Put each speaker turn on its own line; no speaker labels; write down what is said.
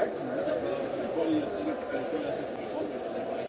meg, mert